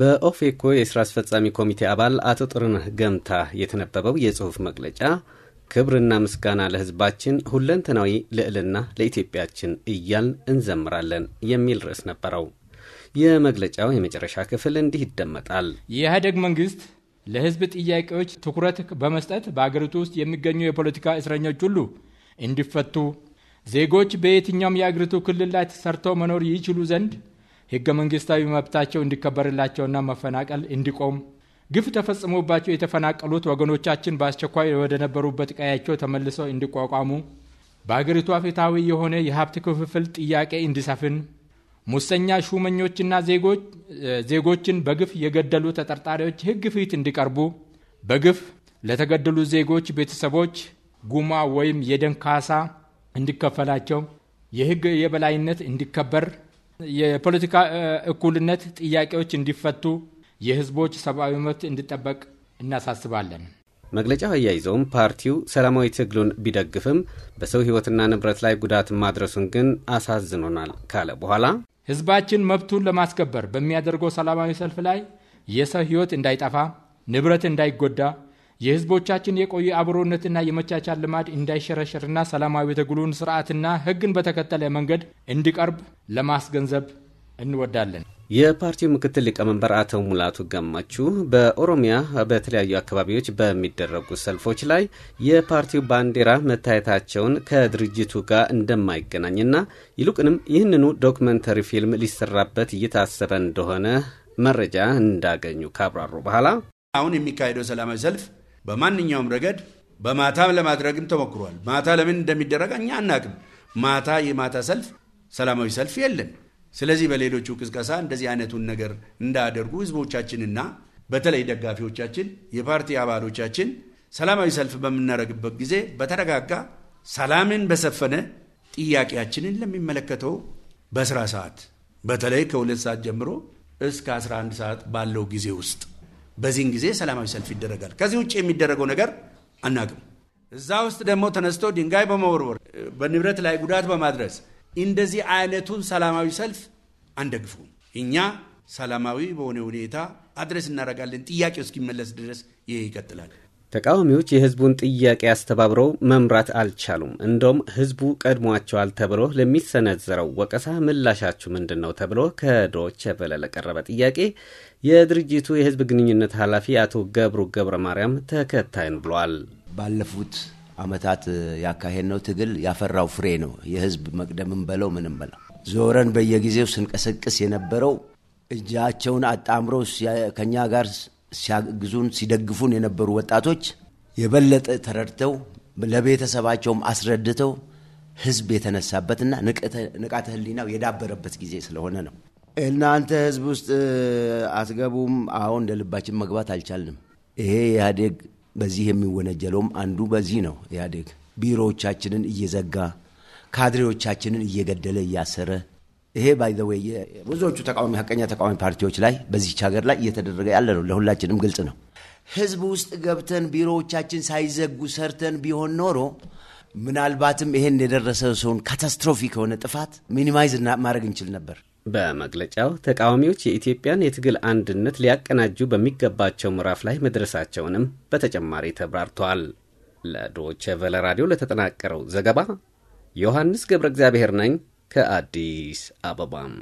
በኦፌኮ የሥራ አስፈጻሚ ኮሚቴ አባል አቶ ጥሩነህ ገምታ የተነበበው የጽሑፍ መግለጫ ክብርና ምስጋና ለሕዝባችን፣ ሁለንተናዊ ልዕልና ለኢትዮጵያችን እያልን እንዘምራለን የሚል ርዕስ ነበረው። የመግለጫው የመጨረሻ ክፍል እንዲህ ይደመጣል። የኢህአደግ መንግሥት ለሕዝብ ጥያቄዎች ትኩረት በመስጠት በአገሪቱ ውስጥ የሚገኙ የፖለቲካ እስረኞች ሁሉ እንዲፈቱ ዜጎች በየትኛውም የአገሪቱ ክልል ላይ ተሰርተው መኖር ይችሉ ዘንድ ህገ መንግስታዊ መብታቸው እንዲከበርላቸውና መፈናቀል እንዲቆም ግፍ ተፈጽሞባቸው የተፈናቀሉት ወገኖቻችን በአስቸኳይ ወደ ነበሩበት ቀያቸው ተመልሰው እንዲቋቋሙ፣ በአገሪቷ ፍትሐዊ የሆነ የሀብት ክፍፍል ጥያቄ እንዲሰፍን፣ ሙሰኛ ሹመኞችና ዜጎችን በግፍ የገደሉ ተጠርጣሪዎች ህግ ፊት እንዲቀርቡ፣ በግፍ ለተገደሉ ዜጎች ቤተሰቦች ጉማ ወይም የደን ካሳ እንዲከፈላቸው፣ የህግ የበላይነት እንዲከበር የፖለቲካ እኩልነት ጥያቄዎች እንዲፈቱ፣ የህዝቦች ሰብአዊ መብት እንዲጠበቅ እናሳስባለን። መግለጫው አያይዘውም ፓርቲው ሰላማዊ ትግሉን ቢደግፍም በሰው ህይወትና ንብረት ላይ ጉዳት ማድረሱን ግን አሳዝኖናል ካለ በኋላ ህዝባችን መብቱን ለማስከበር በሚያደርገው ሰላማዊ ሰልፍ ላይ የሰው ህይወት እንዳይጠፋ፣ ንብረት እንዳይጎዳ የህዝቦቻችን የቆየ አብሮነትና የመቻቻል ልማድ እንዳይሸረሸርና ሰላማዊ ትግሉን ስርዓትና ህግን በተከተለ መንገድ እንዲቀርብ ለማስገንዘብ እንወዳለን። የፓርቲው ምክትል ሊቀመንበር አቶ ሙላቱ ገማችሁ በኦሮሚያ በተለያዩ አካባቢዎች በሚደረጉ ሰልፎች ላይ የፓርቲው ባንዲራ መታየታቸውን ከድርጅቱ ጋር እንደማይገናኝና ይልቁንም ይህንኑ ዶክመንተሪ ፊልም ሊሰራበት እየታሰበ እንደሆነ መረጃ እንዳገኙ ካብራሩ በኋላ አሁን የሚካሄደው ሰላማዊ ሰልፍ በማንኛውም ረገድ በማታ ለማድረግም ተሞክሯል። ማታ ለምን እንደሚደረግ እኛ አናቅም። ማታ የማታ ሰልፍ ሰላማዊ ሰልፍ የለን። ስለዚህ በሌሎቹ ቅስቀሳ እንደዚህ አይነቱን ነገር እንዳያደርጉ ህዝቦቻችንና በተለይ ደጋፊዎቻችን፣ የፓርቲ አባሎቻችን ሰላማዊ ሰልፍ በምናደርግበት ጊዜ በተረጋጋ ሰላምን በሰፈነ ጥያቄያችንን ለሚመለከተው በስራ ሰዓት በተለይ ከሁለት ሰዓት ጀምሮ እስከ 11 ሰዓት ባለው ጊዜ ውስጥ በዚህን ጊዜ ሰላማዊ ሰልፍ ይደረጋል። ከዚህ ውጭ የሚደረገው ነገር አናቅም። እዛ ውስጥ ደግሞ ተነስቶ ድንጋይ በመወርወር በንብረት ላይ ጉዳት በማድረስ እንደዚህ አይነቱን ሰላማዊ ሰልፍ አንደግፉም። እኛ ሰላማዊ በሆነ ሁኔታ አድረስ እናደርጋለን። ጥያቄው እስኪመለስ ድረስ ይሄ ይቀጥላል። ተቃዋሚዎች የህዝቡን ጥያቄ አስተባብረው መምራት አልቻሉም። እንደውም ህዝቡ ቀድሟቸዋል ተብሎ ለሚሰነዘረው ወቀሳ ምላሻችሁ ምንድን ነው ተብሎ ከዶች ቬለ ለቀረበ ጥያቄ የድርጅቱ የህዝብ ግንኙነት ኃላፊ አቶ ገብሩ ገብረ ማርያም ተከታይን ብሏል። ባለፉት አመታት ነው ትግል ያፈራው ፍሬ ነው። የህዝብ መቅደምን በለው ምንም በለው ዞረን በየጊዜው ስንቀሰቅስ የነበረው እጃቸውን አጣምሮ ከእኛ ጋር ሲያግዙን ሲደግፉን የነበሩ ወጣቶች የበለጠ ተረድተው ለቤተሰባቸውም አስረድተው ህዝብ የተነሳበትና ንቃተ ህሊናው የዳበረበት ጊዜ ስለሆነ ነው። እናንተ ህዝብ ውስጥ አትገቡም፣ አሁን እንደ ልባችን መግባት አልቻልንም። ይሄ ኢህአዴግ በዚህ የሚወነጀለውም አንዱ በዚህ ነው። ኢህአዴግ ቢሮዎቻችንን እየዘጋ ካድሬዎቻችንን እየገደለ እያሰረ ይሄ ባይዘወይ ብዙዎቹ ተቃዋሚ ሀቀኛ ተቃዋሚ ፓርቲዎች ላይ በዚች ሀገር ላይ እየተደረገ ያለ ነው። ለሁላችንም ግልጽ ነው። ህዝብ ውስጥ ገብተን ቢሮዎቻችን ሳይዘጉ ሰርተን ቢሆን ኖሮ ምናልባትም ይሄን የደረሰ ሰውን ካታስትሮፊ ከሆነ ጥፋት ሚኒማይዝ ማድረግ እንችል ነበር። በመግለጫው ተቃዋሚዎች የኢትዮጵያን የትግል አንድነት ሊያቀናጁ በሚገባቸው ምዕራፍ ላይ መድረሳቸውንም በተጨማሪ ተብራርተዋል። ለዶቼ ቨለ ራዲዮ ለተጠናቀረው ዘገባ ዮሐንስ ገብረ እግዚአብሔር ነኝ። ከአዲስ አበባም